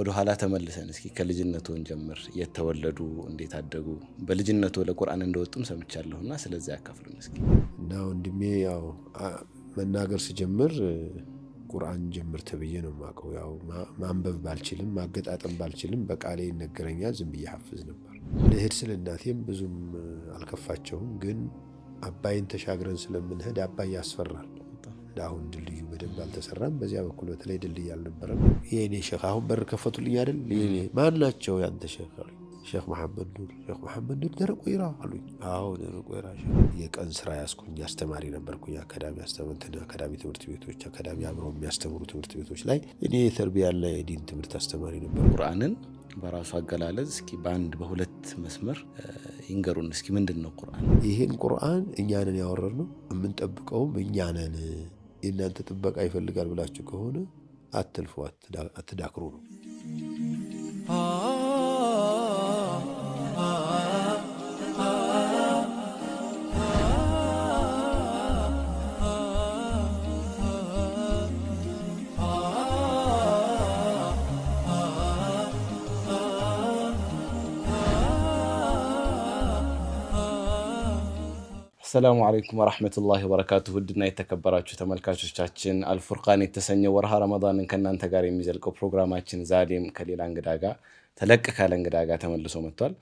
ወደ ኋላ ተመልሰን እስኪ ከልጅነቱ ጀምር የተወለዱ እንዴት አደጉ? በልጅነቱ ለቁርአን እንደወጡም ሰምቻለሁ እና ስለዚህ ያካፍሉን እስኪ። እና ወንድሜ ያው መናገር ስጀምር ቁርአን ጀምር ተብዬ ነው የማውቀው። ያው ማንበብ ባልችልም ማገጣጠም ባልችልም በቃሌ ይነገረኛል፣ ዝም ብዬ ሀፍዝ ነበር። ልሄድ ስል እናቴም ብዙም አልከፋቸውም፣ ግን አባይን ተሻግረን ስለምንሄድ አባይ ያስፈራል አሁን ድልድዩ በደንብ አልተሰራም። በዚያ በኩል በተለይ ድልድይ አልነበረም። የእኔ ሼክ አሁን በር ከፈቱልኝ አይደል? የኔ ማን ናቸው ያንተ ሼክ አሉኝ። ሼክ መሐመድ ኑር፣ ሼክ መሐመድ ኑር ደረቅ ይራ አሉኝ። አዎ ደረቅ ይራ። የቀን ስራ ያስኩኝ አስተማሪ ነበርኩኝ። አካዳሚ አስተምንትን አካዳሚ ትምህርት ቤቶች አካዳሚ አብረው የሚያስተምሩ ትምህርት ቤቶች ላይ እኔ የተርቢያና የዲን ትምህርት አስተማሪ ነበር። ቁርአንን በራሱ አገላለጽ እስኪ በአንድ በሁለት መስመር ይንገሩን እስኪ ምንድን ነው ቁርአን? ይህን ቁርአን እኛንን ያወረድነው የምንጠብቀውም እኛንን የእናንተ ጥበቃ ይፈልጋል ብላችሁ ከሆነ አትልፎ አትዳክሩ ነው። አሰላሙ አለይኩም ወራህመቱላሂ ወበረካቱሁ ውድና የተከበራችሁ ተመልካቾቻችን አልፉርቃን የተሰኘው ወርሃ ረመዳንን ከእናንተ ጋር የሚዘልቀው ፕሮግራማችን ዛሬም ከሌላ እንግዳ ጋር ተለቅ ካለ እንግዳ ጋር ተመልሶ መጥቷል።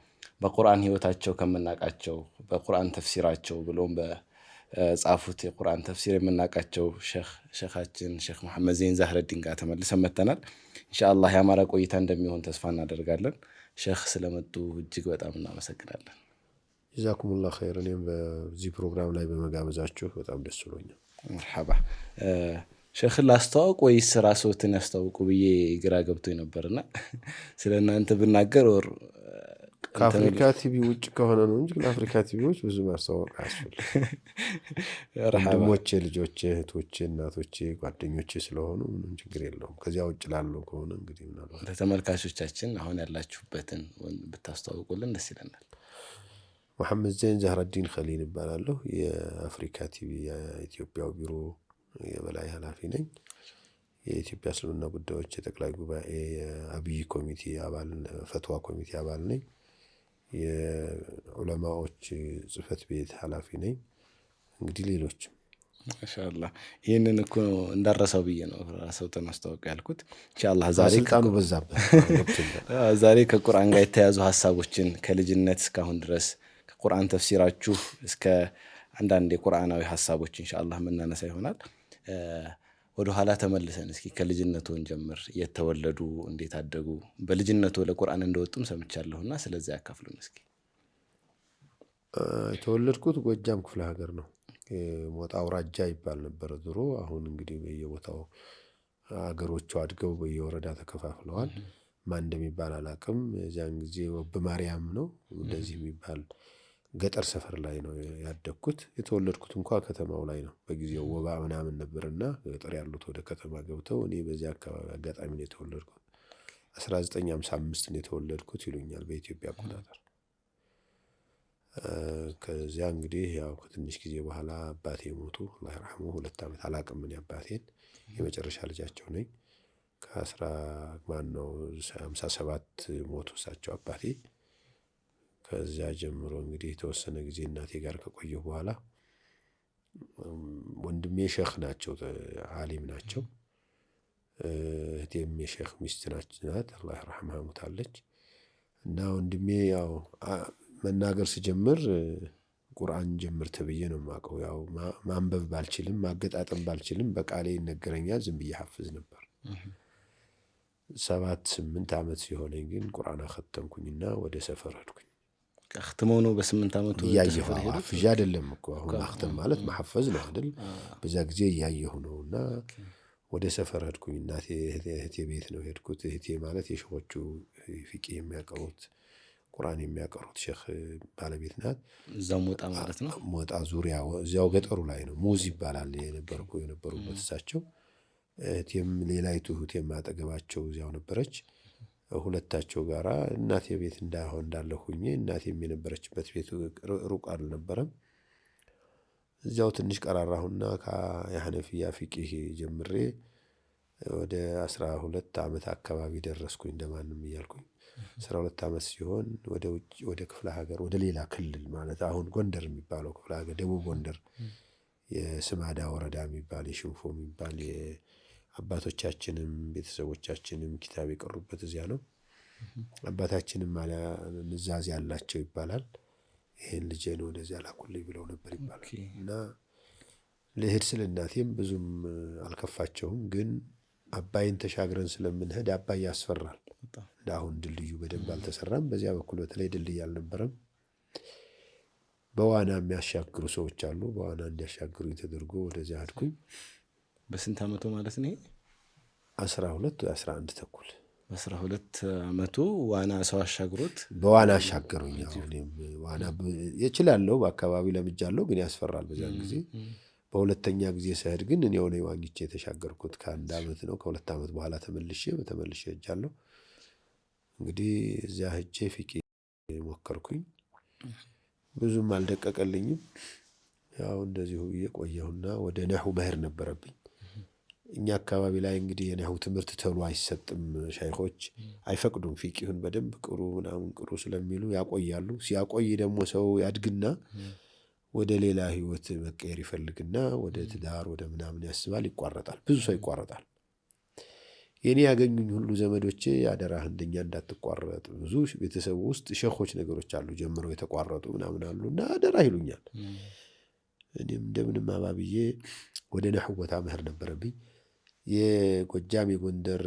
በቁርአን ህይወታቸው ከምናቃቸው በቁርአን ተፍሲራቸው ብሎም በጻፉት የቁርአን ተፍሲር የምናቃቸው ሼኻችን ሼክ መሐመድ ዜን ዛህረዲን ጋር ተመልሰን መጥተናል። ኢንሻአላህ ያማረ ቆይታ እንደሚሆን ተስፋ እናደርጋለን። ሼክ ስለመጡ እጅግ በጣም እናመሰግናለን። ጀዛኩሙላ ኸይር። እኔም በዚህ ፕሮግራም ላይ በመጋበዛችሁ በጣም ደስ ብሎኛል። መርሓባ ሸክ ላስተዋውቅ ወይስ ራስዎትን ያስተዋውቁ ብዬ ግራ ገብቶ ነበርና ስለ እናንተ ብናገር ወር ከአፍሪካ ቲቪ ውጭ ከሆነ ነው እንጂ ለአፍሪካ ቲቪዎች ብዙ ማስተዋወቅ አያስፈልግም። ወንድሞቼ፣ ልጆቼ፣ እህቶቼ፣ እናቶቼ፣ ጓደኞቼ ስለሆኑ ምንም ችግር የለውም። ከዚያ ውጭ ላለው ከሆነ እንግዲህ ምናልባት ለተመልካቾቻችን አሁን ያላችሁበትን ብታስተዋውቁልን ደስ ይለናል። መሐመድ ዘይን ዛህረዲን ከሊል እባላለሁ። የአፍሪካ ቲቪ የኢትዮጵያው ቢሮ የበላይ ኃላፊ ነኝ። የኢትዮጵያ እስልምና ጉዳዮች የጠቅላይ ጉባኤ የአብይ ኮሚቴ አባል ፈትዋ ኮሚቴ አባል ነኝ። የዑለማዎች ጽህፈት ቤት ኃላፊ ነኝ። እንግዲህ ሌሎችም ማሻላ ይህንን እኮ እንዳረሰው ብዬ ነው ራሰው ተናስተዋወቅ ያልኩት። እንሻላ ዛሬ ከቁርአን ጋር የተያዙ ሀሳቦችን ከልጅነት እስካሁን ድረስ ቁርአን ተፍሲራችሁ እስከ አንዳንድ የቁርአናዊ ሀሳቦች እንሻላ የምናነሳ ይሆናል። ወደ ኋላ ተመልሰን እስኪ ከልጅነቶን ጀምር፣ የተወለዱ እንዴት አደጉ፣ በልጅነቶ ለቁርአን እንደወጡም ሰምቻለሁና ስለዚህ ያካፍሉን እስኪ። የተወለድኩት ጎጃም ክፍለ ሀገር ነው። ሞጣ አውራጃ ይባል ነበረ ድሮ። አሁን እንግዲህ በየቦታው አገሮቹ አድገው በየወረዳ ተከፋፍለዋል። ማን እንደሚባል አላቅም። እዚያን ጊዜ ወብ ማርያም ነው እንደዚህ የሚባል ገጠር ሰፈር ላይ ነው ያደግኩት። የተወለድኩት እንኳ ከተማው ላይ ነው በጊዜው ወባ ምናምን ነበርና ገጠር ያሉት ወደ ከተማ ገብተው እኔ በዚያ አካባቢ አጋጣሚ ነው የተወለድኩት። 1955 ነው የተወለድኩት ይሉኛል በኢትዮጵያ አቆጣጠር። ከዚያ እንግዲህ ያው ከትንሽ ጊዜ በኋላ አባቴ ሞቱ አላህ ይርሐሙ። ሁለት ዓመት አላውቅም እኔ አባቴን የመጨረሻ ልጃቸው ነኝ። ከአስራ ማነው ሃምሳ ሰባት ሞቱ እሳቸው አባቴ ከዚያ ጀምሮ እንግዲህ የተወሰነ ጊዜ እናቴ ጋር ከቆየሁ በኋላ ወንድሜ ሼህ ናቸው፣ አሊም ናቸው። እህቴም የሼህ ሚስት ናት፣ አላህ ረሕማ ሙታለች። እና ወንድሜ ያው መናገር ስጀምር ቁርአን ጀምር ተብዬ ነው የማውቀው። ያው ማንበብ ባልችልም ማገጣጠም ባልችልም በቃሌ ይነገረኛል፣ ዝም ብዬ ሐፍዝ ነበር። ሰባት ስምንት ዓመት ሲሆነኝ ግን ቁርአን አኸተምኩኝና ወደ ሰፈር ሄድኩኝ። አክትሞ ነው በስምንት ዓመቱ እያየሁ አፍዣ አይደለም እኮ አሁን ማክተም ማለት ማሐፈዝ ነው አይደል? በዛ ጊዜ እያየሁ ነው እና ወደ ሰፈር ሄድኩኝ። እናቴ እህቴ ቤት ነው ሄድኩት። እህቴ ማለት የሸኾቹ ፊቂ የሚያቀሩት ቁርአን የሚያቀሩት ሼክ ባለቤት ናት። እዛ ሞጣ ማለት ነው። ሞጣ ዙሪያ እዚያው ገጠሩ ላይ ነው። ሙዝ ይባላል የነበርኩ የነበሩበት እሳቸው። እህቴም ሌላይቱ እህቴም አጠገባቸው እዚያው ነበረች። ሁለታቸው ጋር እናቴ ቤት እንዳሁን እንዳለ ሁኜ እናቴም የነበረችበት ቤት ሩቅ አልነበረም። እዚያው ትንሽ ቀራራሁና ከየሐነፊያ ፊቅህ ጀምሬ ወደ አስራ ሁለት ዓመት አካባቢ ደረስኩኝ እንደማንም እያልኩኝ አስራ ሁለት ዓመት ሲሆን ወደ ውጭ ወደ ክፍለ ሀገር ወደ ሌላ ክልል ማለት አሁን ጎንደር የሚባለው ክፍለ ሀገር ደቡብ ጎንደር የስማዳ ወረዳ የሚባል የሽንፎ የሚባል አባቶቻችንም ቤተሰቦቻችንም ኪታብ የቀሩበት እዚያ ነው። አባታችንም ንዛዝ ያላቸው ይባላል። ይህን ልጄን ወደዚያ ላኩልኝ ብለው ነበር ይባላል እና ልሄድ ስል እናቴም ብዙም አልከፋቸውም። ግን አባይን ተሻግረን ስለምንሄድ አባይ ያስፈራል። እንደ አሁን ድልድዩ በደንብ አልተሰራም። በዚያ በኩል በተለይ ድልድይ አልነበረም። በዋና የሚያሻግሩ ሰዎች አሉ። በዋና እንዲያሻግሩኝ ተደርጎ ወደዚያ አድኩኝ። በስንት አመቶ ማለት ነው? አስራ ሁለት ወይ አስራ አንድ ተኩል አስራ ሁለት አመቱ ዋና ሰው አሻግሮት በዋና አሻገሩኝ። ዋና እችላለሁ፣ በአካባቢው ለምጃለሁ፣ ግን ያስፈራል በዚያን ጊዜ። በሁለተኛ ጊዜ ስሄድ ግን እኔ ሆነ ዋኝቼ የተሻገርኩት ከአንድ አመት ነው። ከሁለት አመት በኋላ ተመልሼ በተመልሼ ሄጃለሁ። እንግዲህ እዚያ ህጄ ፊቄ ሞከርኩኝ፣ ብዙም አልደቀቀልኝም። ያው እንደዚሁ ብዬ ቆየሁና ወደ ነሑ መሄድ ነበረብኝ እኛ አካባቢ ላይ እንግዲህ የነህው ትምህርት ተብሎ አይሰጥም። ሻይኮች አይፈቅዱም። ፊቂሁን በደንብ ቅሩ ምናምን ቅሩ ስለሚሉ ያቆያሉ። ሲያቆይ ደግሞ ሰው ያድግና ወደ ሌላ ህይወት መቀየር ይፈልግና ወደ ትዳር ወደ ምናምን ያስባል፣ ይቋረጣል። ብዙ ሰው ይቋረጣል። የኔ ያገኙኝ ሁሉ ዘመዶቼ አደራ እንደኛ እንዳትቋረጥ። ብዙ ቤተሰቡ ውስጥ ሸኾች ነገሮች አሉ፣ ጀምረው የተቋረጡ ምናምን አሉ እና አደራ ይሉኛል። እኔም እንደምንም አባብዬ ወደ ነህው ቦታ መሄድ ነበረብኝ። የጎጃም የጎንደር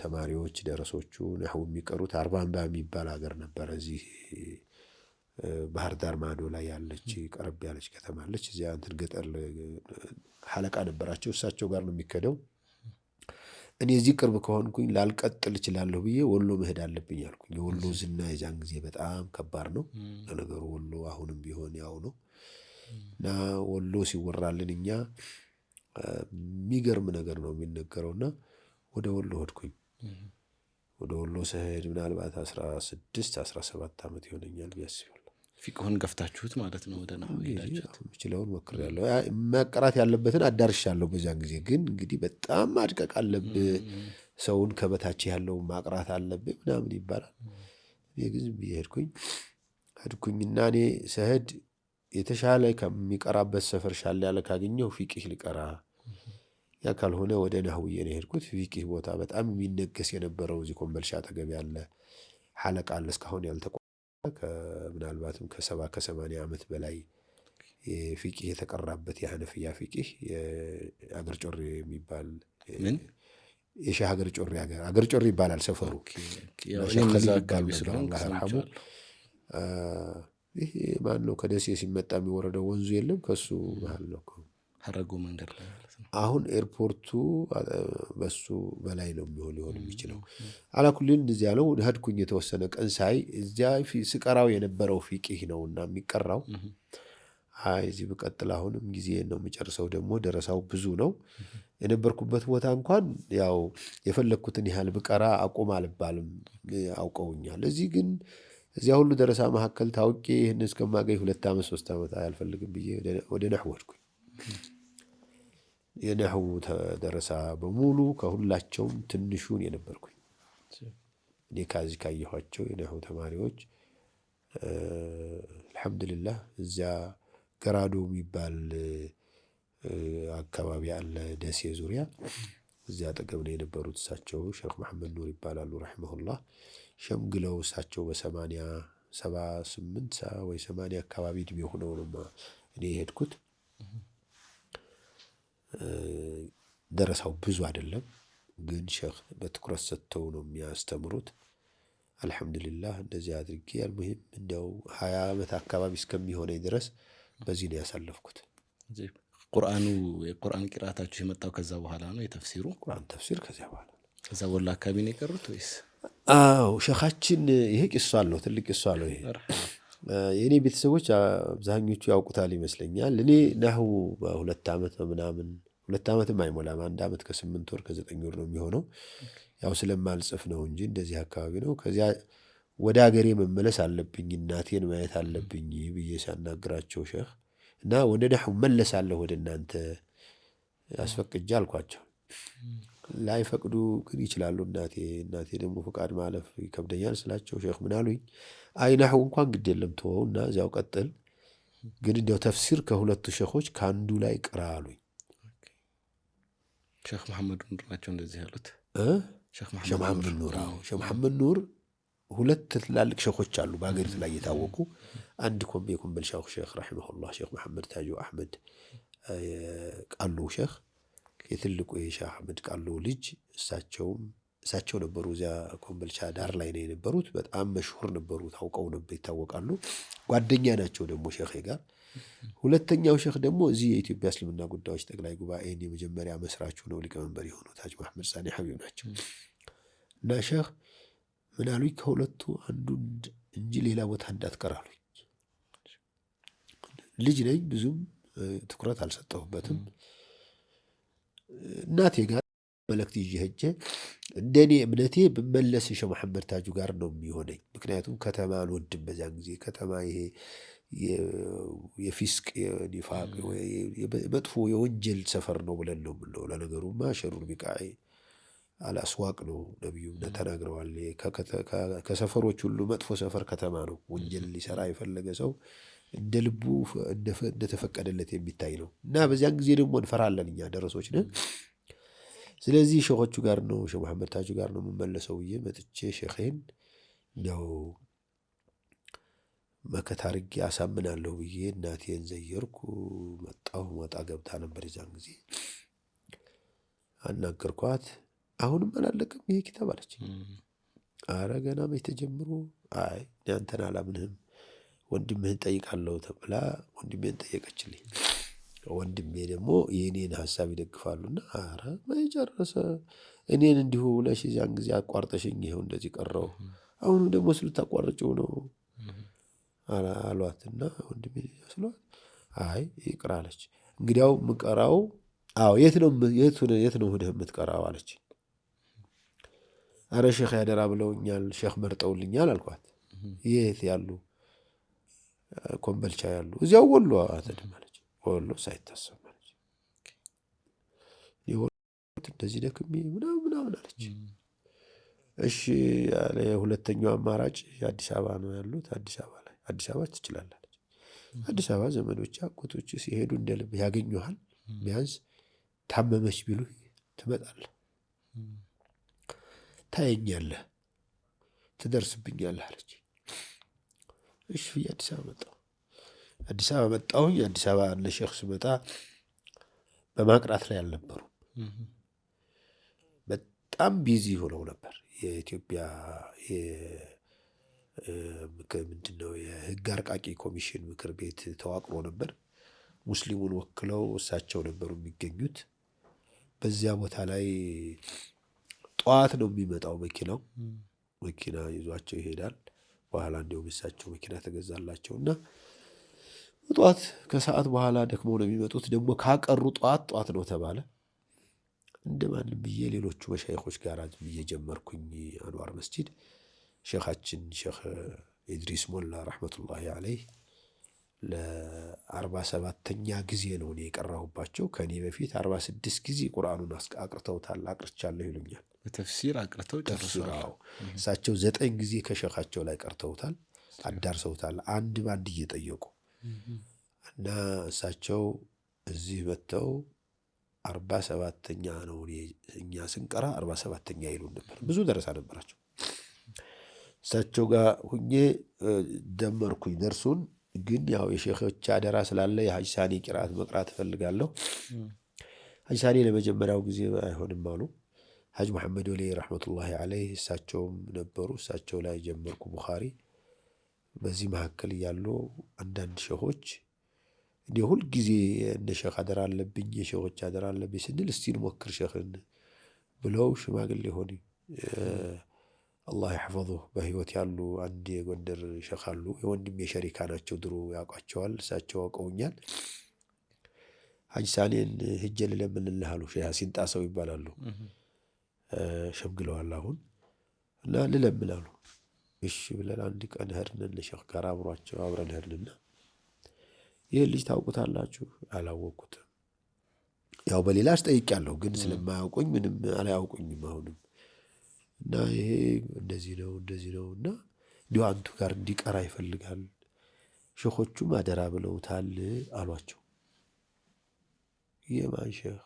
ተማሪዎች ደረሶቹ ናሁ የሚቀሩት አርባንባ የሚባል ሀገር ነበረ። እዚህ ባህር ዳር ማዶ ላይ ያለች ቀረብ ያለች ከተማ አለች። እዚያ እንትን ገጠር ሀለቃ ነበራቸው። እሳቸው ጋር ነው የሚከደው። እኔ እዚህ ቅርብ ከሆንኩኝ ላልቀጥል እችላለሁ ብዬ ወሎ መሄድ አለብኝ አልኩኝ። የወሎ ዝና የዛን ጊዜ በጣም ከባድ ነው። ለነገሩ ወሎ አሁንም ቢሆን ያው ነው እና ወሎ ሲወራልን እኛ የሚገርም ነገር ነው የሚነገረው። እና ወደ ወሎ ሄድኩኝ። ወደ ወሎ ስሄድ ምናልባት አስራ ስድስት አስራ ሰባት ዓመት ይሆነኛል ያስባል። ፊቅሆን ገፍታችሁት ማለት ነው። ወደ ምችለውን ሞክር ያለው መቀራት ያለበትን አዳርሻለሁ። በዚያን ጊዜ ግን እንግዲህ በጣም ማድቀቅ አለብህ፣ ሰውን ከበታች ያለው ማቅራት አለብህ ምናምን ይባላል። እኔ ግን ብዬ ሄድኩኝ ሄድኩኝና እኔ ስሄድ የተሻለ ከሚቀራበት ሰፈር ሻል ያለ ካገኘው ፊቅህ ልቀራ፣ ያ ካልሆነ ወደ ነህውዬ ነው የሄድኩት። ፊቅህ ቦታ በጣም የሚነገስ የነበረው እዚህ ኮምበልሻ አጠገብ ያለ ሐለቃ አለ እስካሁን ያልተቋ ምናልባትም ከሰባ ከሰማንያ ዓመት በላይ ፊቅህ የተቀራበት የሐነፍያ ፊቅህ የአገር ጮሬ የሚባል የሻህ ሀገር ጮሬ አገር ጮሬ ይባላል ሰፈሩ። ሻ ከሊል ይባሉ ስለሆነ አላህ ይርሐሙ ይህ ማን ነው? ከደሴ ሲመጣ የሚወረደው ወንዙ የለም ከሱ መሀል ነው ሀረጎ መንገድ ላይ ማለት ነው። አሁን ኤርፖርቱ በሱ በላይ ነው የሚሆን ሊሆን የሚችለው አላኩልን እዚ ያለው ህድኩኝ የተወሰነ ቀን ሳይ እዚያ ስቀራው የነበረው ፊቅህ ነው እና የሚቀራው አይ እዚህ ብቀጥል አሁንም ጊዜ ነው የሚጨርሰው። ደግሞ ደረሳው ብዙ ነው የነበርኩበት ቦታ እንኳን ያው የፈለግኩትን ያህል ብቀራ አቁም አልባልም አውቀውኛል። እዚህ ግን እዚያ ሁሉ ደረሳ መካከል ታውቂ ይህን እስከማገኝ ሁለት ዓመት ሶስት ዓመት አያልፈልግም ብዬ ወደ ነሕው ወድኩኝ። የነሕው ደረሳ በሙሉ ከሁላቸውም ትንሹን የነበርኩኝ እኔ ከዚህ ካየኋቸው የነሕው ተማሪዎች አልሐምዱሊላህ እዚያ ገራዶ የሚባል አካባቢ አለ ደሴ ዙሪያ። እዚያ አጠገብ ነው የነበሩት። እሳቸው ሼክ መሐመድ ኑር ይባላሉ ረሕመሁላህ። ሸምግለው እሳቸው በሰማንያ ሰባ ስምንት ወይ ሰማንያ አካባቢ እድሜ ሆነው ነው እኔ የሄድኩት። ደረሳው ብዙ አይደለም ግን ሼህ በትኩረት ሰጥተው ነው የሚያስተምሩት። አልሐምዱሊላህ እንደዚህ አድርጌ አልሙሂም እንዲያው ሀያ ዓመት አካባቢ እስከሚሆነኝ ድረስ በዚህ ነው ያሳለፍኩት። ቁርአኑ የቁርአን ቅራታችሁ የመጣው ከዛ በኋላ ነው የተፍሲሩ ቁርአን ተፍሲር ከዚያ በኋላ ነው። ከዛ ወላ አካባቢ ነው የቀሩት ወይስ አዎ ሸኻችን ይሄ ቂሷ አለው፣ ትልቅ ቂሷ አለው። ይሄ የእኔ ቤተሰቦች አብዛኞቹ ያውቁታል ይመስለኛል። እኔ ናሁ በሁለት ዓመት ምናምን ሁለት ዓመትም አይሞላም አንድ ዓመት ከስምንት ወር ከዘጠኝ ወር ነው የሚሆነው። ያው ስለማልጽፍ ነው እንጂ እንደዚህ አካባቢ ነው። ከዚያ ወደ ሀገሬ መመለስ አለብኝ እናቴን ማየት አለብኝ ብዬ ሲያናግራቸው ሸህ እና ወደ ናሁ መለሳለሁ ወደ እናንተ አስፈቅጃ አልኳቸው። ላይፈቅዱ ግን ይችላሉ። እናቴ እናቴ ደግሞ ፈቃድ ማለፍ ይከብደኛል ስላቸው ሼክ ምን አሉኝ፣ አይ ናሕው እንኳን ግድ የለም ተወው እና እዚያው ቀጥል፣ ግን እንዲያው ተፍሲር ከሁለቱ ሼኮች ከአንዱ ላይ ቅራ አሉኝ። ሼክ መሐመድ ኑር ናቸው እንደዚህ ያሉት። ሼክ መሐመድ ኑር ሼክ መሐመድ ኑር ሁለት ትላልቅ ሼኮች አሉ በሀገሪቱ ላይ የታወቁ አንድ ኮምቤ ኮምበልሻው ሼክ ረሒመሁላህ ሼክ መሐመድ ታጁ አሕመድ ቃሉ ሼክ የትልቁ የሻህ አህመድ ቃሉ ልጅ እሳቸውም እሳቸው ነበሩ። እዚያ ኮምበልቻ ዳር ላይ ነው የነበሩት። በጣም መሽሁር ነበሩ፣ ታውቀው ነበር፣ ይታወቃሉ። ጓደኛ ናቸው ደግሞ ሼህ ጋር። ሁለተኛው ሼህ ደግሞ እዚህ የኢትዮጵያ እስልምና ጉዳዮች ጠቅላይ ጉባኤን የመጀመሪያ መስራቹ ነው፣ ሊቀመንበር የሆኑት ሀጅ መሐመድ ሳኒ ሀቢብ ናቸው። እና ሼህ ምን ከሁለቱ አንዱ እንጂ ሌላ ቦታ እንዳትቀራሉ ልጅ ነኝ፣ ብዙም ትኩረት አልሰጠሁበትም። እናቴ ጋር መልእክት ይዤ ሄጄ እንደኔ እምነቴ ብመለስ ሸ መሐመድ ታጁ ጋር ነው የሚሆነኝ። ምክንያቱም ከተማ አልወድም። በዚያን ጊዜ ከተማ ይሄ የፊስቅ ኒፋቅ መጥፎ የወንጀል ሰፈር ነው ብለን ነው የምንለው። ለነገሩማ ሸሩር ቢቃ አልአስዋቅ ነው ነቢዩ ተናግረዋል። ከሰፈሮች ሁሉ መጥፎ ሰፈር ከተማ ነው። ወንጀል ሊሰራ የፈለገ ሰው እንደ ልቡ እንደተፈቀደለት የሚታይ ነው እና በዚያን ጊዜ ደግሞ እንፈራለን እኛ ደረሶች ነን። ስለዚህ ሸኾቹ ጋር ነው ሸ መሐመድ ታጁ ጋር ነው የምመለሰው ብዬ መጥቼ ሸኼን ያው መከታ አድርጌ አሳምናለሁ ብዬ እናቴን ዘየርኩ። መጣሁ መጣ ገብታ ነበር የዛን ጊዜ አናገርኳት። አሁንም አላለቅም ይሄ ኪታብ አለች። አረ ገና መች ተጀምሮ። አይ አንተን አላምንህም ወንድምህን ጠይቃለሁ ተብላ ወንድሜን ጠየቀችልኝ። ወንድሜ ደግሞ የእኔን ሀሳብ ይደግፋሉና አረ መጨረሰ እኔን እንዲሁ ብለሽ ያን ጊዜ አቋርጠሽኝ ይኸው እንደዚህ ቀረው አሁኑ ደግሞ ስልታቋርጭው ነው አሏትና ወንድሜ ስሏት አይ ይቅር አለች። እንግዲያው ምቀራው አዎ የት ነው የት ነው ሄደህ የምትቀራው አለች። አረ ሼክ ያደራ ብለውኛል ሼክ መርጠውልኛል አልኳት። የት ያሉ ኮምበልቻ ያሉ እዚያው ወሎ አተድማለች ወሎ ሳይታሰብ ማለች እንደዚህ ደክሜ ምናምን ምናምን አለች። እሺ ሁለተኛው አማራጭ አዲስ አበባ ነው ያሉት። አዲስ አበባ ላይ አዲስ አበባ ትችላለች። አዲስ አበባ ዘመዶች አጎቶች ሲሄዱ እንደልብ ያገኙሃል። ቢያንስ ታመመች ቢሉ ትመጣለህ፣ ታየኛለህ፣ ትደርስብኛለህ አለች። እሺ ብዬ አዲስ አበባ መጣሁ። አዲስ አበባ መጣሁኝ። አዲስ አበባ ሼክ ስመጣ በማቅራት ላይ አልነበሩም። በጣም ቢዚ ሆነው ነበር። የኢትዮጵያ ምንድን ነው የህግ አርቃቂ ኮሚሽን ምክር ቤት ተዋቅሮ ነበር። ሙስሊሙን ወክለው እሳቸው ነበሩ የሚገኙት። በዚያ ቦታ ላይ ጠዋት ነው የሚመጣው መኪናው መኪና ይዟቸው ይሄዳል። በኋላ እንዲሁም እሳቸው መኪና ተገዛላቸው እና ጠዋት ከሰዓት በኋላ ደክመው ነው የሚመጡት። ደግሞ ካቀሩ ጠዋት ጠዋት ነው ተባለ። እንደ እንደማንም ብዬ ሌሎቹ መሻይኮች ጋር ብዬ ጀመርኩኝ። አንዋር መስጂድ ሼኻችን ሼኽ ኢድሪስ ሞላ ረሕመቱላሂ አለይህ ለአርባ ሰባተኛ ጊዜ ነው እኔ የቀራሁባቸው። ከእኔ በፊት አርባ ስድስት ጊዜ ቁርአኑን አቅርተውታል አቅርቻለሁ ይሉኛል። በተፍሲር አቅርተው ጨርሰዋል። እሳቸው ዘጠኝ ጊዜ ከሸካቸው ላይ ቀርተውታል፣ አዳርሰውታል አንድ በአንድ እየጠየቁ እና እሳቸው እዚህ መጥተው አርባ ሰባተኛ ነው እኛ ስንቀራ አርባ ሰባተኛ ይሉን ነበር። ብዙ ደረሳ ነበራቸው። እሳቸው ጋር ሁኜ ደመርኩኝ ደርሱን ግን ያው የሼኮች አደራ ስላለ የሀጅ ሳኒ ቅርአት መቅራት እፈልጋለሁ። ሐጅ ሳኒ ለመጀመሪያው ጊዜ አይሆንም አሉ። ሀጅ መሐመድ ወሌ ረሕመቱላሂ አለይ እሳቸውም ነበሩ። እሳቸው ላይ ጀመርኩ ቡኻሪ። በዚህ መካከል እያሉ አንዳንድ ሼኾች እንዲ ሁልጊዜ እነ ሼኽ አደራ አለብኝ፣ የሼኾች አደራ አለብኝ ስንል እስቲ እንሞክር ሼኽን ብለው ሽማግሌ ሆን አላህ ያሕፈዙህ በህይወት ያሉ አንድ የጎንደር ሸህ አሉ። የወንድሜ የሸሪካ ናቸው። ድሮ ያውቋቸዋል። እሳቸው አውቀውኛል። ሀጅ ሳኔን ህጀ ልለምንልህ አሉ። ሼህ ሲንጣ ሰው ይባላሉ። ሸምግለዋል አሁን እና ልለምን አሉ። እሺ ብለን አንድ ቀን ህርንን ሸህ ጋር አብሯቸው አብረን ህርንና ይህን ልጅ ታውቁታላችሁ? አላወቅኩትም። ያው በሌላ አስጠይቅ ያለሁ ግን ስለማያውቁኝ ምንም አላያውቁኝም አሁንም እና ይሄ እንደዚህ ነው እንደዚህ ነው እና እንዲሁ አንቱ ጋር እንዲቀራ ይፈልጋል። ሼኾቹም አደራ ብለውታል አሏቸው። የማን ሼኽ?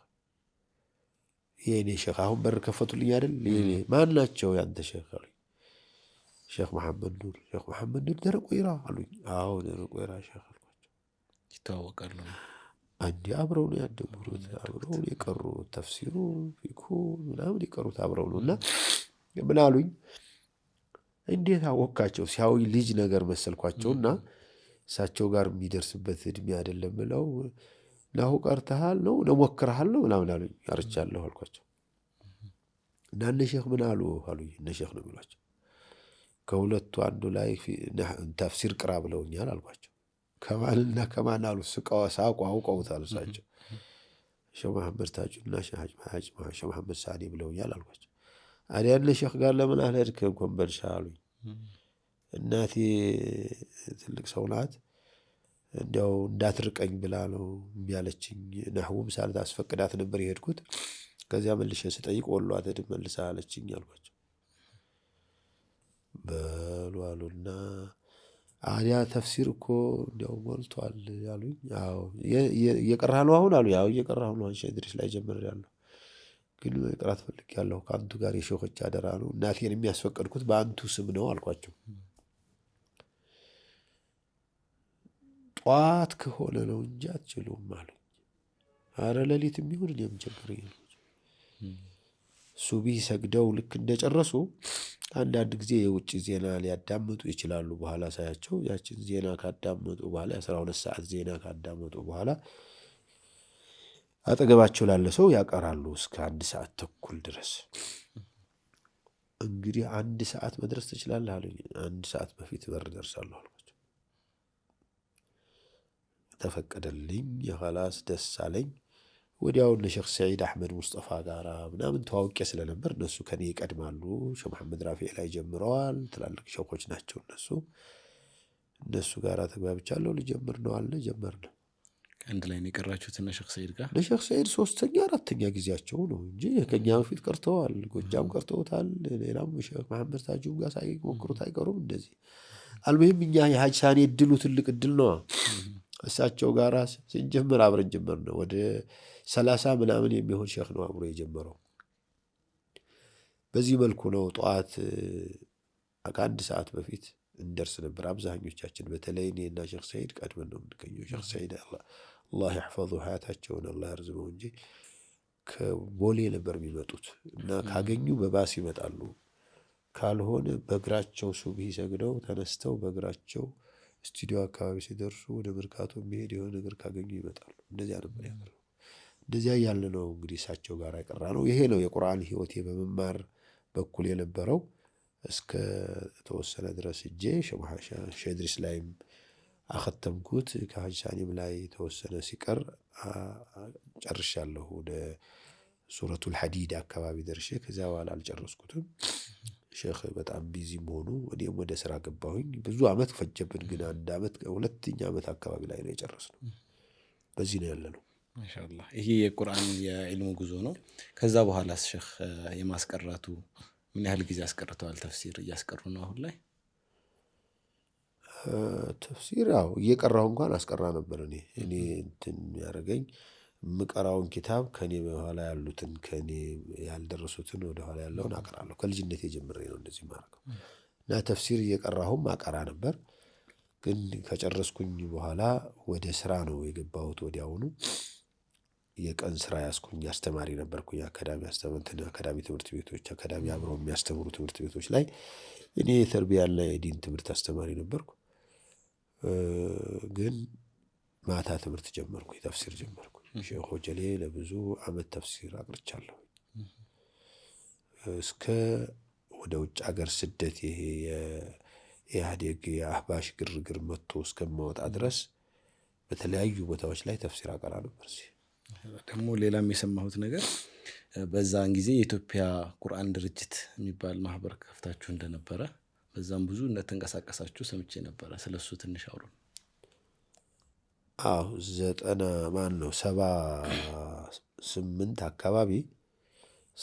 የእኔ ሼኽ። አሁን በር ከፈቱልኝ አይደል? የእኔ ማን ናቸው ያንተ ሼኽ አሉኝ። ሼኽ መሐመድ ኑር። ሼኽ መሐመድ ኑር ደረቅ ወይራ አሉኝ። አዎ ደረቅ ወይራ ሼኽ አልኳቸው። ይታወቃሉ። አንዲ አብረው ነው ያደጉት፣ አብረው የቀሩት ተፍሲሩ፣ ፊኩ ምናምን የቀሩት አብረው ነው እና ምን አሉኝ? እንዴት አወቅካቸው? ሲያዊ ልጅ ነገር መሰልኳቸው እና እሳቸው ጋር የሚደርስበት እድሜ አይደለም ብለው ናሁ ቀርተሃል ነው ለሞክረሃል ነው ምናምን አሉኝ። አርቻለሁ አልኳቸው እና እነ ሼክ ምን አሉ አሉኝ። እነ ሼክ ነው የሚሏቸው ከሁለቱ አንዱ ላይ ተፍሲር ቅራ ብለውኛል አልኳቸው። ከማንና ከማን አሉ። ስቃዋ ሳቁ አውቀውታል እሳቸው ሼህ መሐመድ ታጁና ሸ መሐመድ ሳኒ ብለውኛል አልኳቸው። አዲያለ ሼክ ጋር ለምን አልሄድክም ኮምበልሻ አሉኝ። እናቴ ትልቅ ሰው ናት፣ እንዲያው እንዳትርቀኝ ብላ ነው እምቢ አለችኝ። ናህውም ሳልት አስፈቅዳት ነበር የሄድኩት። ከዚያ መልሼ ስጠይቅ ወሎ አትሄድም መልሳ አለችኝ አልኳቸው። በሉ አሉና አዲያ ተፍሲር እኮ እንዲያው ሞልቷል አሉኝ። አዎ እየቀራህ ነው አሁን አሉ። ያው እየቀራሁ ነው አንሸ ድሪስ ላይ ጀምር ያለው ግን መቅራት ፈልጌያለሁ። ከአንቱ ጋር የሾኸች አደራ ነው። እናቴን የሚያስፈቀድኩት በአንቱ ስም ነው አልኳቸው። ጠዋት ከሆነ ነው እንጂ አትችሉም አሉኝ። አረ ሌሊት የሚሆን እኔም ችግር ሱቢ ሰግደው ልክ እንደጨረሱ አንዳንድ ጊዜ የውጭ ዜና ሊያዳምጡ ይችላሉ። በኋላ ሳያቸው ያችን ዜና ካዳመጡ በኋላ የአስራ ሁለት ሰዓት ዜና ካዳመጡ በኋላ አጠገባቸው ላለ ሰው ያቀራሉ እስከ አንድ ሰዓት ተኩል ድረስ። እንግዲህ አንድ ሰዓት መድረስ ትችላለህ አሉኝ። አንድ ሰዓት በፊት በር ደርሳለሁ አልኳቸው። ተፈቀደልኝ። የኋላስ ደስ አለኝ። ወዲያውን ለሸክ ሰዒድ አሕመድ ሙስጠፋ ጋር ምናምን ተዋውቄ ስለነበር እነሱ ከኔ ይቀድማሉ። ሸ መሐመድ ራፊዕ ላይ ጀምረዋል። ትላልቅ ሸኮች ናቸው እነሱ። እነሱ ጋር ተግባብቻለሁ። ልጀምር ነው አለ። ጀመርን። አንድ ላይ የቀራችሁ የቀራችሁት እነ ጋር። ለሸክ ሰኢድ ሶስተኛ አራተኛ ጊዜያቸው ነው እንጂ ከኛ በፊት ቀርተዋል። ጎጃም ቀርተውታል። ሌላም ሸክ መሐመድ ታጁም ጋር ሳይ ሞክሩት አይቀሩም እንደዚህ። አልሙሂም እኛ የሀጅ ሳኔ እድሉ ትልቅ እድል ነዋ። እሳቸው ጋር ስንጀምር አብረን ጀመር ነው። ወደ ሰላሳ ምናምን የሚሆን ሸክ ነው አብሮ የጀመረው። በዚህ መልኩ ነው ጠዋት ከአንድ ሰዓት በፊት እንደርስ ነበር። አብዛኞቻችን በተለይ እኔና ሸክ ሰኢድ ቀድመን ነው የምንገኘው። ሼክ ሰኢድ አላህ ያሕፈዙ ሀያታቸውን አላህ ያርዝመው እንጂ ከቦሌ ነበር የሚመጡት እና ካገኙ በባስ ይመጣሉ። ካልሆነ በእግራቸው ሱብሂ ሰግደው ተነስተው በእግራቸው ስቱዲዮ አካባቢ ሲደርሱ ወደ መርካቶ የሚሄድ የሆነ ነገር ካገኙ ይመጣሉ። እንደዚያ ነበር ያለው። እንደዚያ ያለ ነው እንግዲህ እሳቸው ጋር ያቀራ ነው። ይሄ ነው የቁርአን ህይወቴ በመማር በኩል የነበረው እስከ ተወሰነ ድረስ እጄ ሸድሪስ ላይም አኸተምኩት ከአጃኒብ ላይ የተወሰነ ሲቀር ጨርሻለሁ። ወደ ሱረቱል ሐዲድ አካባቢ ደርሼ ከዚያ በኋላ አልጨረስኩትም። ሼህ በጣም ቢዚ መሆኑ እኔም ወደ ስራ ገባሁኝ። ብዙ አመት ፈጀብን፣ ግን አንድ አመት ሁለተኛ አመት አካባቢ ላይ ነው የጨረስነው። በዚህ ነው ያለ ነው። ማሻላ ይሄ የቁርአን የዕልሙ ጉዞ ነው። ከዛ በኋላ ሼህ የማስቀራቱ ምን ያህል ጊዜ አስቀርተዋል? ተፍሲር እያስቀሩ ነው አሁን ላይ? ተፍሲር ያው እየቀራሁ እንኳን አስቀራ ነበር እኔ እኔ እንትን የሚያደርገኝ የምቀራውን ኪታብ ከእኔ በኋላ ያሉትን ከእኔ ያልደረሱትን ወደኋላ ያለውን አቀራለሁ ከልጅነት ጀምሬ ነው እንደዚህ የማደርገው። እና ተፍሲር እየቀራሁም አቀራ ነበር። ግን ከጨረስኩኝ በኋላ ወደ ስራ ነው የገባሁት ወዲያውኑ። የቀን ስራ ያስኩኝ አስተማሪ ነበርኩኝ አካዳሚ አስተምር አካዳሚ ትምህርት ቤቶች አካዳሚ አብረው የሚያስተምሩ ትምህርት ቤቶች ላይ እኔ የተርቢያና የዲን ትምህርት አስተማሪ ነበርኩ ግን ማታ ትምህርት ጀመርኩ ተፍሲር ጀመርኩ። ሼክ ሆጀሌ ለብዙ አመት ተፍሲር አቅርቻለሁ። እስከ ወደ ውጭ ሀገር ስደት ይሄ የኢህአዴግ የአህባሽ ግርግር መጥቶ እስከማወጣ ድረስ በተለያዩ ቦታዎች ላይ ተፍሲር አቀራ ነበር። ደግሞ ሌላም የሰማሁት ነገር በዛን ጊዜ የኢትዮጵያ ቁርአን ድርጅት የሚባል ማህበር ከፍታችሁ እንደነበረ በዛም ብዙ እንደተንቀሳቀሳችሁ ሰምቼ ነበረ። ስለሱ ትንሽ አውሩ። አዎ ዘጠና ማን ነው ሰባ ስምንት አካባቢ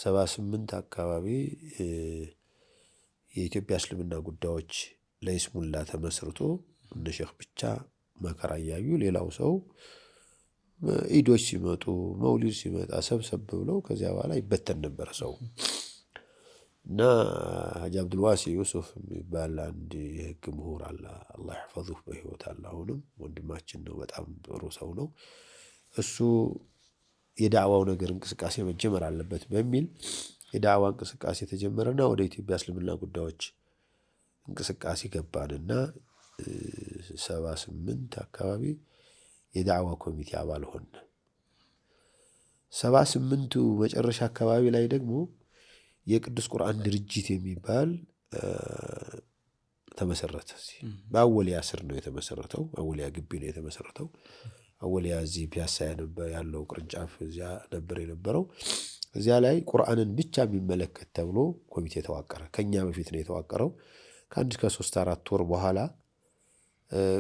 ሰባ ስምንት አካባቢ የኢትዮጵያ እስልምና ጉዳዮች ለይስሙላ ተመስርቶ እነ ሼክ ብቻ መከራ እያዩ ሌላው ሰው ኢዶች ሲመጡ መውሊድ ሲመጣ ሰብሰብ ብለው ከዚያ በኋላ ይበተን ነበር ሰው እና ሀጂ አብዱልዋሲ ዩሱፍ የሚባል አንድ የህግ ምሁር አለ፣ አላህ ይሕፈዙህ በህይወት አለ። አሁንም ወንድማችን ነው፣ በጣም ጥሩ ሰው ነው። እሱ የዳዕዋው ነገር እንቅስቃሴ መጀመር አለበት በሚል የዳዕዋ እንቅስቃሴ ተጀመረና ወደ ኢትዮጵያ እስልምና ጉዳዮች እንቅስቃሴ ገባንና ሰባ ስምንት አካባቢ የዳዕዋ ኮሚቴ አባል ሆን ሰባ ስምንቱ መጨረሻ አካባቢ ላይ ደግሞ የቅዱስ ቁርአን ድርጅት የሚባል ተመሰረተ። በአወሊያ ስር ነው የተመሰረተው። አወሊያ ግቢ ነው የተመሰረተው። አወሊያ እዚህ ፒያሳ ያለው ቅርንጫፍ እዚያ ነበር የነበረው። እዚያ ላይ ቁርአንን ብቻ የሚመለከት ተብሎ ኮሚቴ ተዋቀረ። ከኛ በፊት ነው የተዋቀረው። ከአንድ ከሶስት አራት ወር በኋላ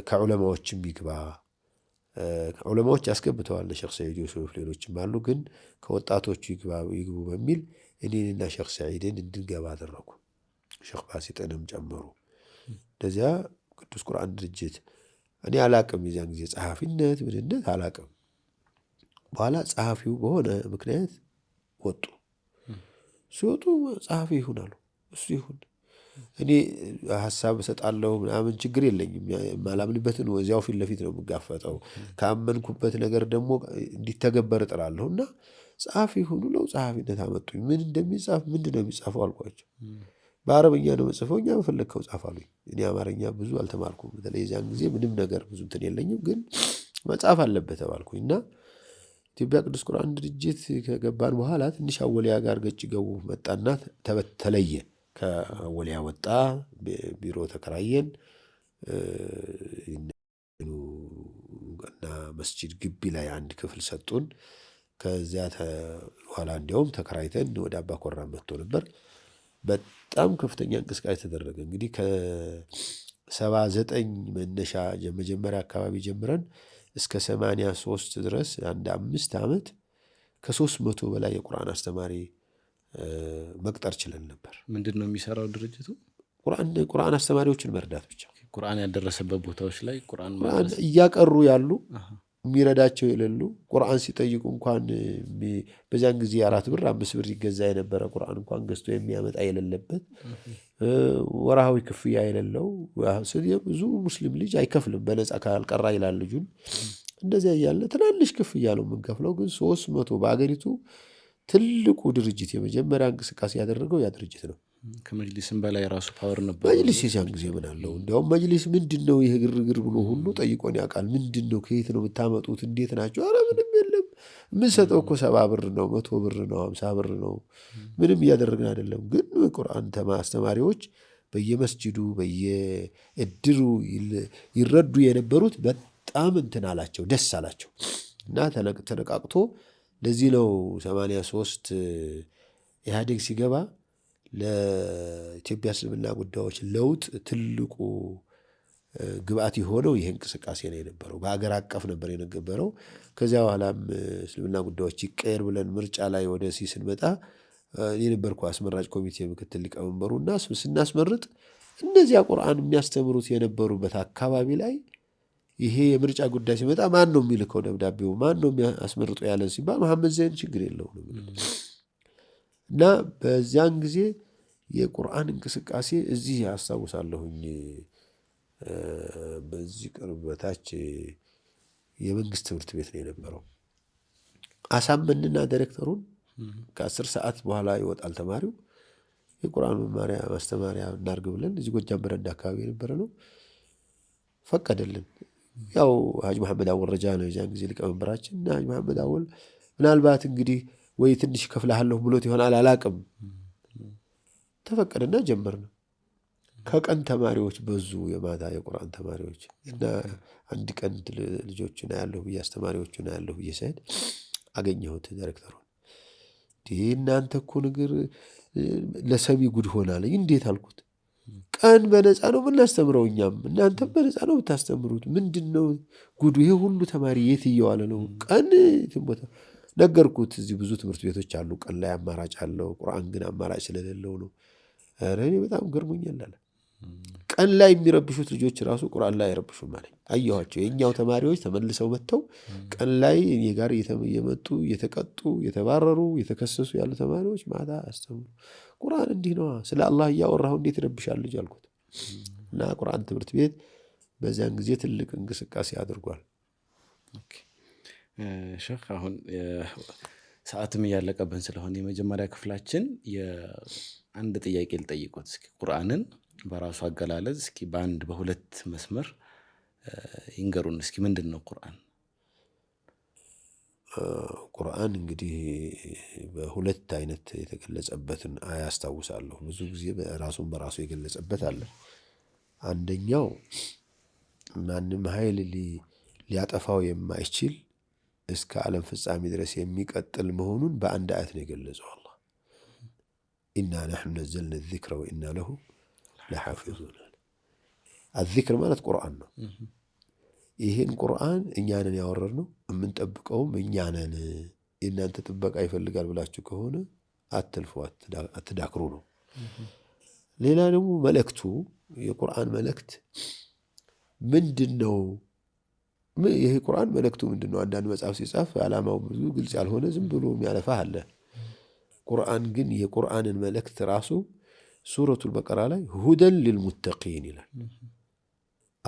ከዑለማዎችም ይግባ ዑለማዎች ያስገብተዋል። ሸክ ሰይድ ዩሱፍ ሌሎችም አሉ። ግን ከወጣቶቹ ይግቡ በሚል እኔንና ሸክ ሰዒድን እንድንገባ አደረጉ። ሼክ ባሲጥንም ጨመሩ። እንደዚያ ቅዱስ ቁርአን ድርጅት እኔ አላቅም፣ የዚያን ጊዜ ጸሐፊነት ምንነት አላቅም። በኋላ ጸሐፊው በሆነ ምክንያት ወጡ። ሲወጡ ጸሐፊ ይሁን አሉ። እሱ ይሁን እኔ ሀሳብ እሰጣለሁ ምናምን ችግር የለኝም። የማላምንበትን እዚያው ፊት ለፊት ነው የምጋፈጠው። ካመንኩበት ነገር ደግሞ እንዲተገበር እጥራለሁ እና ጸሐፊ ሁሉ ነው ጸሐፊነት አመጡኝ። ምን እንደሚጻፍ ምንድን ነው የሚጻፈው አልኳቸው። በአረብኛ ነው መጽፈው እኛ በፈለግከው ጻፍ አሉኝ። እኔ አማርኛ ብዙ አልተማርኩም። በተለይ የዚያን ጊዜ ምንም ነገር ብዙ እንትን የለኝም፣ ግን መጻፍ አለበት ተባልኩኝ እና ኢትዮጵያ ቅዱስ ቁርአን ድርጅት ከገባን በኋላ ትንሽ አወሊያ ጋር ገጭ ገቡ መጣና ተለየ። ከአወሊያ ወጣ፣ ቢሮ ተከራየን እና መስጂድ ግቢ ላይ አንድ ክፍል ሰጡን። ከዚያ በኋላ እንዲያውም ተከራይተን ወደ አባኮራ መጥቶ ነበር። በጣም ከፍተኛ እንቅስቃሴ ተደረገ። እንግዲህ ከሰባ ዘጠኝ መነሻ የመጀመሪያ አካባቢ ጀምረን እስከ ሰማንያ ሶስት ድረስ አንድ አምስት ዓመት ከሶስት መቶ በላይ የቁርአን አስተማሪ መቅጠር ችለን ነበር። ምንድን ነው የሚሰራው ድርጅቱ? ቁርአን አስተማሪዎችን መርዳት ብቻ ቁርአን ያልደረሰበት ቦታዎች ላይ ቁርአን እያቀሩ ያሉ የሚረዳቸው የሌሉ ቁርአን ሲጠይቁ እንኳን በዚያን ጊዜ አራት ብር አምስት ብር ይገዛ የነበረ ቁርአን እንኳን ገዝቶ የሚያመጣ የሌለበት ወርሃዊ ክፍያ የሌለው ብዙ ሙስሊም ልጅ አይከፍልም። በነፃ ካልቀራ ይላል ልጁን። እንደዚያ እያለ ትናንሽ ክፍያ ነው የምንከፍለው። ግን ሶስት መቶ በአገሪቱ ትልቁ ድርጅት የመጀመሪያ እንቅስቃሴ ያደረገው ያ ድርጅት ነው። ከመጅሊስም በላይ ራሱ ፓወር ነበር። መጅሊስ የዚያን ጊዜ ምን አለው? እንዲያውም መጅሊስ ምንድን ነው ይሄ ግርግር ብሎ ሁሉ ጠይቆን ያውቃል። ምንድን ነው ከየት ነው የምታመጡት? እንዴት ናቸው? አረ ምንም የለም የምንሰጠው እኮ ሰባ ብር ነው፣ መቶ ብር ነው፣ ሀምሳ ብር ነው። ምንም እያደረግን አይደለም። ግን ቁርአን አስተማሪዎች በየመስጅዱ በየእድሩ ይረዱ የነበሩት በጣም እንትን አላቸው፣ ደስ አላቸው እና ተነቃቅቶ ለዚህ ነው ሰማንያ ሶስት ኢህአዴግ ሲገባ ለኢትዮጵያ እስልምና ጉዳዮች ለውጥ ትልቁ ግብአት የሆነው ይህ እንቅስቃሴ ነው የነበረው። በሀገር አቀፍ ነበር የነበረው። ከዚያ በኋላም እስልምና ጉዳዮች ይቀየር ብለን ምርጫ ላይ ወደ ሲ ስንመጣ የነበርኩ አስመራጭ ኮሚቴ ምክትል ሊቀመንበሩ እና ስናስመርጥ እነዚያ ቁርአን የሚያስተምሩት የነበሩበት አካባቢ ላይ ይሄ የምርጫ ጉዳይ ሲመጣ ማን ነው የሚልከው ደብዳቤው? ማን ነው የሚያስመርጡ ያለን ሲባል መሐመድ ዘይን ችግር የለውም እና በዚያን ጊዜ የቁርአን እንቅስቃሴ እዚህ ያስታውሳለሁኝ። በዚህ ቅርብ በታች የመንግስት ትምህርት ቤት ነው የነበረው። አሳመንና ዳይሬክተሩን ከአስር ሰዓት በኋላ ይወጣል ተማሪው የቁርአን መማሪያ ማስተማሪያ እናርግ ብለን እዚህ ጎጃም በረንዳ አካባቢ የነበረ ነው ፈቀደልን። ያው ሀጅ መሐመድ አወል ረጃ ነው የዚያን ጊዜ ሊቀመንበራችን እና ሀጅ መሐመድ አወል ምናልባት እንግዲህ ወይ ትንሽ ከፍልሃለሁ ብሎት ይሆናል አላቅም። ተፈቀደና ጀመር ነው። ከቀን ተማሪዎች በዙ፣ የማታ የቁርአን ተማሪዎች እና አንድ ቀን ልጆቹን አያለሁ ብዬ አስተማሪዎቹን አያለሁ ብዬ ስሄድ አገኘሁት ዳይሬክተሩን። ይህ እናንተ እኮ ንግር ለሰሚ ጉድ ሆናለኝ። እንዴት አልኩት። ቀን በነፃ ነው ምናስተምረው፣ እኛም እናንተም በነፃ ነው ብታስተምሩት ምንድን ነው ጉዱ? ይሄ ሁሉ ተማሪ የት እየዋለ ነው ቀን ቦታ ነገርኩት። እዚህ ብዙ ትምህርት ቤቶች አሉ፣ ቀን ላይ አማራጭ አለው። ቁርአን ግን አማራጭ ስለሌለው ነው። እኔ በጣም ገርሞኛል አለ። ቀን ላይ የሚረብሹት ልጆች ራሱ ቁርአን ላይ አይረብሹም አለኝ። አየኋቸው። የእኛው ተማሪዎች ተመልሰው መጥተው ቀን ላይ እኔ ጋር እየመጡ እየተቀጡ የተባረሩ የተከሰሱ ያሉ ተማሪዎች ማታ አስተምሩ። ቁርአን እንዲህ ነዋ፣ ስለ አላህ እያወራሁ እንዴት ይረብሻል ልጅ አልኩት። እና ቁርአን ትምህርት ቤት በዚያን ጊዜ ትልቅ እንቅስቃሴ አድርጓል። ሸህ አሁን ሰዓትም እያለቀብን ስለሆነ የመጀመሪያ ክፍላችን የአንድ ጥያቄ ልጠይቁት እስኪ ቁርአንን በራሱ አገላለጽ እስኪ በአንድ በሁለት መስመር ይንገሩን እስኪ ምንድን ነው ቁርአን? ቁርአን እንግዲህ በሁለት አይነት የተገለጸበትን አያስታውሳለሁ። ብዙ ጊዜ ራሱን በራሱ የገለጸበት አለ። አንደኛው ማንም ሀይል ሊያጠፋው የማይችል እስከ ዓለም ፍጻሜ ድረስ የሚቀጥል መሆኑን በአንድ አያት ነው የገለጸው አላ። ኢና ናሕኑ ነዘልና ዚክረ ወኢና ለሁ ለሓፊዙን። አዚክር ማለት ቁርአን ነው። ይህን ቁርአን እኛንን ያወረድ ነው የምንጠብቀውም እኛንን። የእናንተ ጥበቃ ይፈልጋል ብላችሁ ከሆነ አትልፉ፣ አትዳክሩ ነው። ሌላ ደግሞ መልእክቱ የቁርአን መልእክት ምንድን ነው? ይህ ቁርአን መልእክቱ ምንድነው? አንዳንድ መጽሐፍ ሲጻፍ አላማው ብዙ ግልጽ ያልሆነ ዝም ብሎ የሚያለፋ አለ። ቁርአን ግን የቁርአንን መልእክት ራሱ ሱረቱል በቀራ ላይ ሁደን ልልሙተቂን ይላል።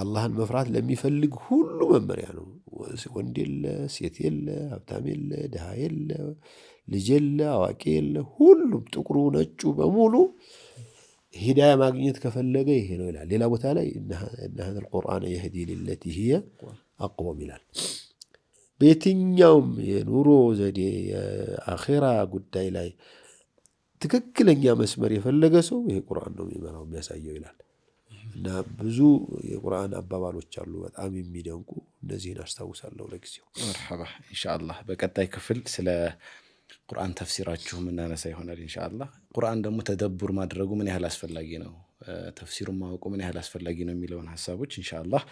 አላህን መፍራት ለሚፈልግ ሁሉ መመሪያ ነው። ወንድ የለ፣ ሴት የለ፣ ሀብታም የለ፣ ድሃ የለ፣ ልጅ የለ፣ አዋቂ የለ፣ ሁሉም ጥቁሩ፣ ነጩ በሙሉ ሂዳያ ማግኘት ከፈለገ ይሄ ነው ይላል። ሌላ ቦታ ላይ እነ ሀዘል ቁርአን የህዲ ልለቲ አቁሞም ይላል። በየትኛውም የኑሮ ዘዴ የአኼራ ጉዳይ ላይ ትክክለኛ መስመር የፈለገ ሰው ይሄ ቁርአን ነው የሚመራው የሚያሳየው ይላል እና ብዙ የቁርአን አባባሎች አሉ በጣም የሚደንቁ እነዚህን አስታውሳለሁ ለጊዜው። መርሐባ ኢንሻአላህ በቀጣይ ክፍል ስለ ቁርአን ተፍሲራችሁ የምናነሳ ይሆናል ኢንሻአላ። ቁርአን ደግሞ ተደቡር ማድረጉ ምን ያህል አስፈላጊ ነው፣ ተፍሲሩን ማወቁ ምን ያህል አስፈላጊ ነው የሚለውን ሀሳቦች ኢንሻአላህ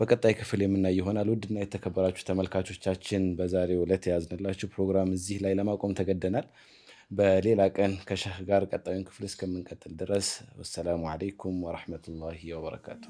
በቀጣይ ክፍል የምናይ ይሆናል። ውድና የተከበራችሁ ተመልካቾቻችን በዛሬው ዕለት የያዝንላችሁ ፕሮግራም እዚህ ላይ ለማቆም ተገደናል። በሌላ ቀን ከሸህ ጋር ቀጣዩን ክፍል እስከምንቀጥል ድረስ ወሰላሙ አሌይኩም ወረሕመቱላሂ ወበረካቱ።